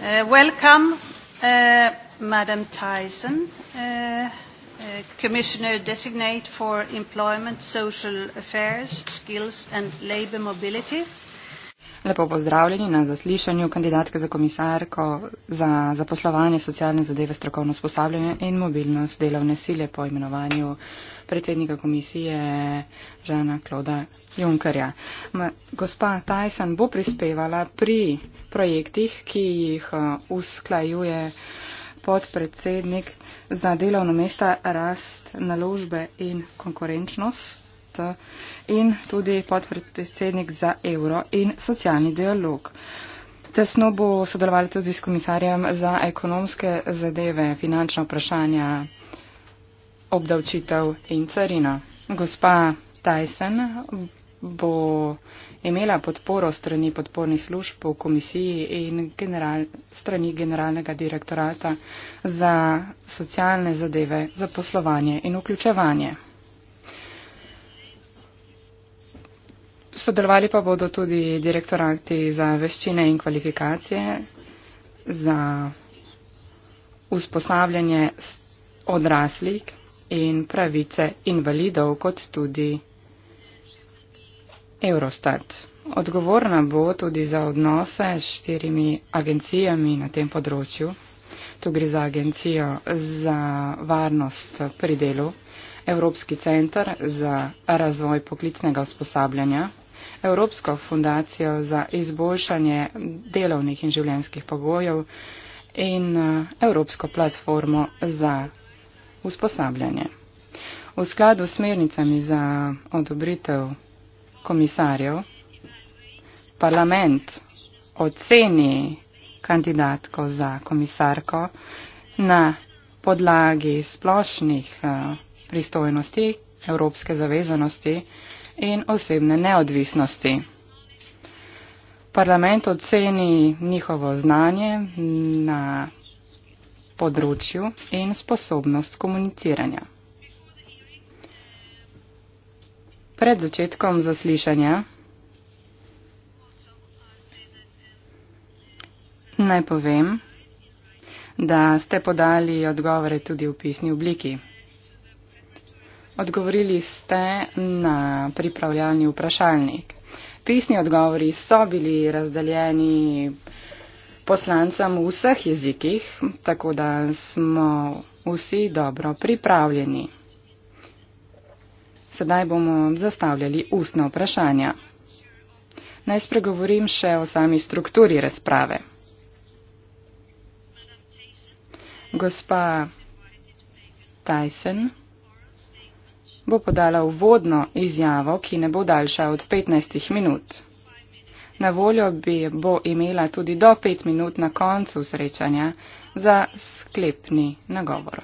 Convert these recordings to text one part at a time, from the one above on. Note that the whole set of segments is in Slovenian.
Uh, welcome, uh, Madam Tyson, uh, uh, Commissioner Designate for Employment, Social Affairs, Skills and Labour Mobility. Uh, Lepo pozdravljeni na zaslišanju kandidatke za komisarko za zaposlovanje, socialne zadeve, strokovno usposabljanje in mobilnost delovne sile po imenovanju predsednika komisije Žana Kloda Junkerja. Gospa Tyson bo prispevala pri projektih, ki jih eh, usklajuje podpredsednik za delovno mesta rast naložbe in konkurenčnost Hrvat eh, in tudi podpredsednik za evro in socialni dialog. Tesno bo sodelovali tudi s komisarjem za ekonomske zadeve, finančna vprašanja, obdavčitev in carina. Gospa Tyson bo imela podporo strani podpornih služb v komisiji in general, strani generalnega direktorata za socialne zadeve, za poslovanje in vključevanje. Sodelovali pa bodo tudi direktorati za veščine in kvalifikacije, za usposabljanje odraslih in pravice invalidov, kot tudi Eurostat. Odgovorna bo tudi za odnose s štirimi agencijami na tem področju. Tu gre za agencijo za varnost pri delu, Evropski center za razvoj poklicnega usposabljanja. Evropsko fundacijo za izboljšanje delovnih in življenjskih pogojev in eh, Evropsko platformo za usposabljanje. V skladu s smernicami za odobritev komisarjev, parlament oceni kandidatko za komisarko na podlagi splošnih eh, pristojnosti, evropske zavezanosti, in osebne neodvisnosti. Parlament oceni njihovo znanje na področju in sposobnost komuniciranja. Pred začetkom zaslišanja naj povem, da ste podali odgovore tudi v pisni obliki. Odgovorili ste na pripravljalni vprašalnik. Pisni odgovori so bili razdeljeni poslancem v vseh jezikih, tako da smo vsi dobro pripravljeni. Sedaj bomo zastavljali ustna vprašanja. Naj spregovorim še o sami strukturi razprave. Gospa Tyson bo podala uvodno izjavo, ki ne bo daljša od 15 minut. Na voljo bi bo imela tudi do 5 minut na koncu srečanja za sklepni nagovor.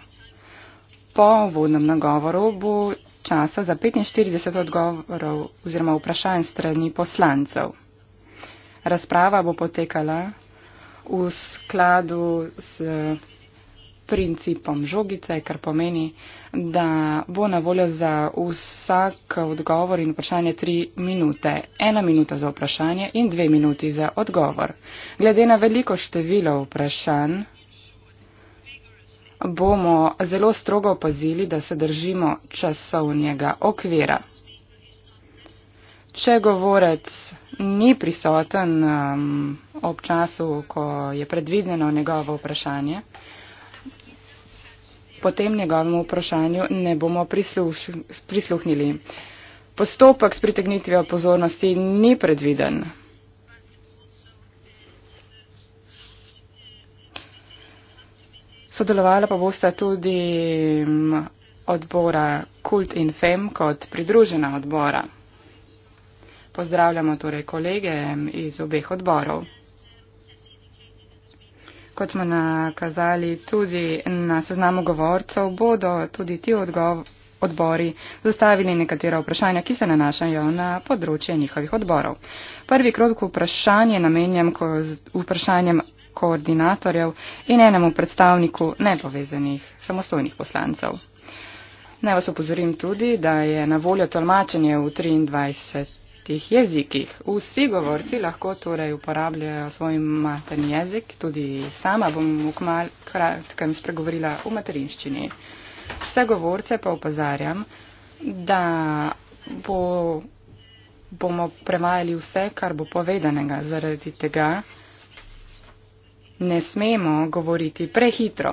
Po uvodnem nagovoru bo časa za 45 odgovorov oziroma vprašanj strani poslancev. Razprava bo potekala v skladu s principom žogice, kar pomeni, da bo na voljo za vsak odgovor in vprašanje tri minute. Ena minuta za vprašanje in dve minuti za odgovor. Glede na veliko število vprašanj bomo zelo strogo opazili, da se držimo časovnega okvira. Če govorec ni prisoten um, ob času, ko je predvideno njegovo vprašanje, potem njegovemu vprašanju ne bomo prisluš, prisluhnili. Postopek s pritegnitvijo pozornosti ni predviden. Sodelovala pa bosta tudi mm, odbora Kult in Fem kot pridružena odbora. Pozdravljamo torej kolege mm, iz obeh odborov. Kot smo nakazali tudi na seznamu govorcev, bodo tudi ti odbori zastavili nekatera vprašanja, ki se nanašajo na področje njihovih odborov. Prvi krok vprašanje namenjam vprašanjem koordinatorjev in enemu predstavniku nepovezanih samostojnih poslancev. Naj vas upozorim tudi, da je na voljo tolmačenje v 23 različnih jezikih. Vsi govorci lahko torej uporabljajo svoj materni jezik, tudi sama bom v kratkem spregovorila v materinščini. Vse govorce pa upozarjam, da bo, bomo prevajali vse, kar bo povedanega zaradi tega, ne smemo govoriti prehitro.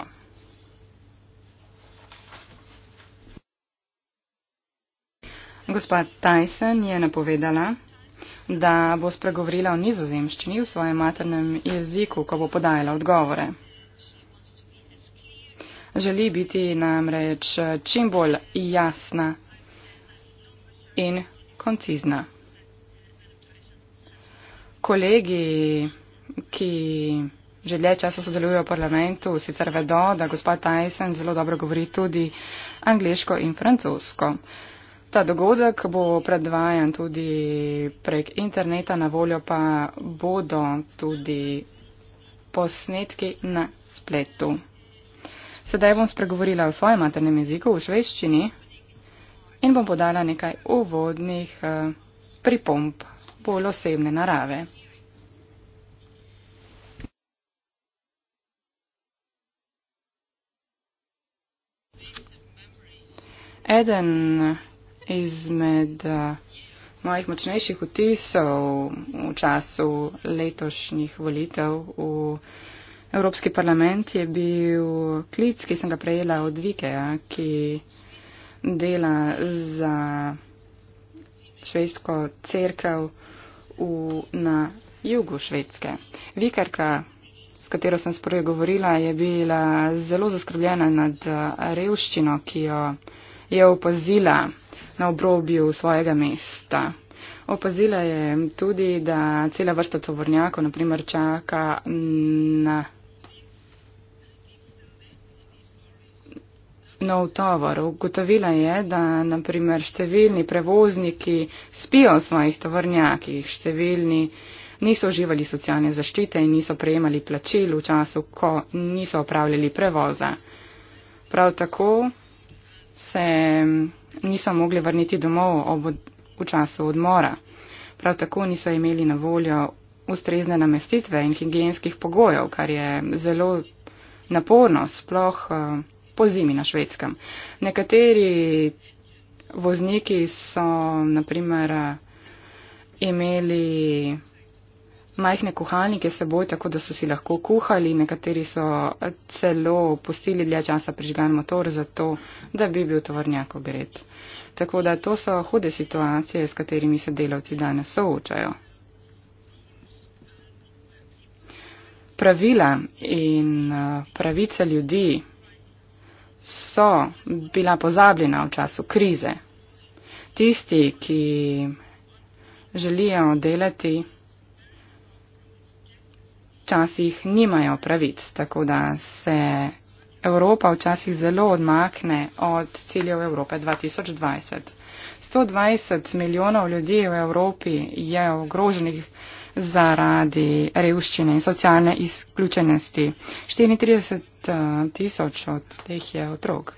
Gospa Tyson je napovedala, da bo spregovorila o nizozemščini v svojem maternem jeziku, ko bo podajala odgovore. Želi biti namreč čim bolj jasna in koncizna. Kolegi, ki že dlje časa sodelujejo v parlamentu, sicer vedo, da gospa Tyson zelo dobro govori tudi angliško in francosko. Ta dogodek bo predvajan tudi prek interneta, na voljo pa bodo tudi posnetki na spletu. Sedaj bom spregovorila v svojem maternem jeziku, v šveščini, in bom podala nekaj uvodnih eh, pripomp bolj osebne narave. Eden izmed eh, mojih močnejših vtisov v času letošnjih volitev v Evropski parlament je bil klic, ki sem ga prejela od Vikeja, ki dela za švedsko cerkev v, na jugu švedske. Vikarka, s katero sem sprej govorila, je bila zelo zaskrbljena nad eh, revščino, ki jo je opazila na obrobju svojega mesta. Opazila je tudi, da cela vrsta tovornjakov, naprimer, čaka na nov tovor. Ugotovila je, da naprimer številni prevozniki spijo v svojih tovornjakih, številni niso uživali socialne zaščite in niso prejemali plačil v času, ko niso opravljali prevoza. Prav tako se niso mogli vrniti domov ob, v času odmora. Prav tako niso imeli na voljo ustrezne namestitve in higijenskih pogojev, kar je zelo naporno, sploh eh, po zimi na švedskem. Nekateri vozniki so naprimer eh, imeli majhne kuhalnike seboj, tako da so si lahko kuhali. Nekateri so celo pustili dlje časa prižgan motor za to, da bi bil tovrnjak ogret. Tako da to so hude situacije, s katerimi se delavci danes soočajo. Pravila in eh, pravice ljudi so bila pozabljena v času krize. Tisti, ki želijo delati, včasih nimajo pravic, tako da se Evropa včasih zelo odmakne od ciljev Evrope 2020. 120 milijonov ljudi v Evropi je ogroženih zaradi revščine in socialne izključenosti. 34 eh, tisoč od teh je otrok.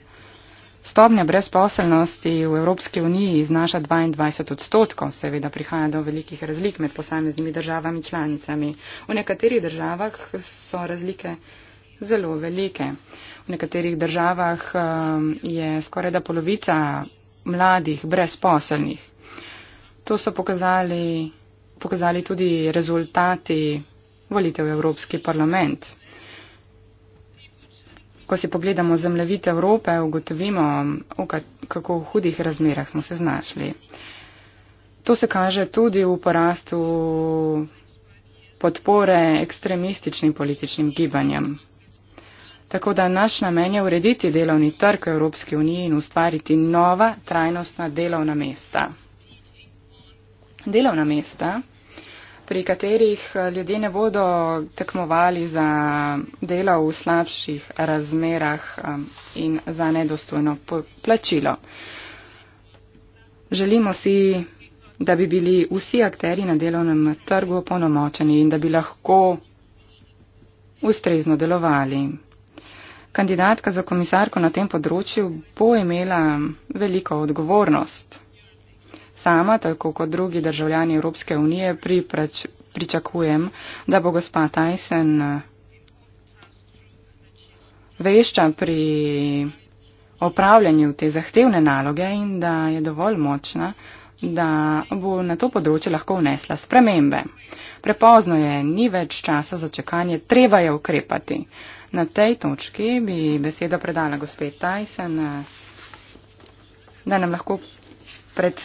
Stopnja brezposelnosti v Evropski uniji znaša 22 odstotkov. Seveda prihaja do velikih razlik med posameznimi državami članicami. V nekaterih državah so razlike zelo velike. V nekaterih državah um, je skoraj da polovica mladih brezposelnih. To so pokazali, pokazali tudi rezultati volitev v Evropski parlament ko si pogledamo zemljevite Evrope, ugotovimo, v kako v hudih razmerah smo se znašli. To se kaže tudi v porastu podpore ekstremističnim političnim gibanjem. Tako da naš namen je urediti delovni trg v Evropski uniji in ustvariti nova trajnostna delovna mesta. Delovna mesta pri katerih eh, ljudje ne bodo tekmovali za delo v slabših razmerah eh, in za nedostojno plačilo. Želimo si, da bi bili vsi akteri na delovnem trgu ponomočeni in da bi lahko ustrezno delovali. Kandidatka za komisarko na tem področju bo imela veliko odgovornost sama, tako kot drugi državljani Evropske unije, priprač, pričakujem, da bo gospa Tyson eh, vešča pri opravljanju te zahtevne naloge in da je dovolj močna, da bo na to področje lahko vnesla spremembe. Prepozno je, ni več časa za čakanje, treba je ukrepati. Na tej točki bi besedo predala gospe Tyson, eh, da nam lahko predstavlja.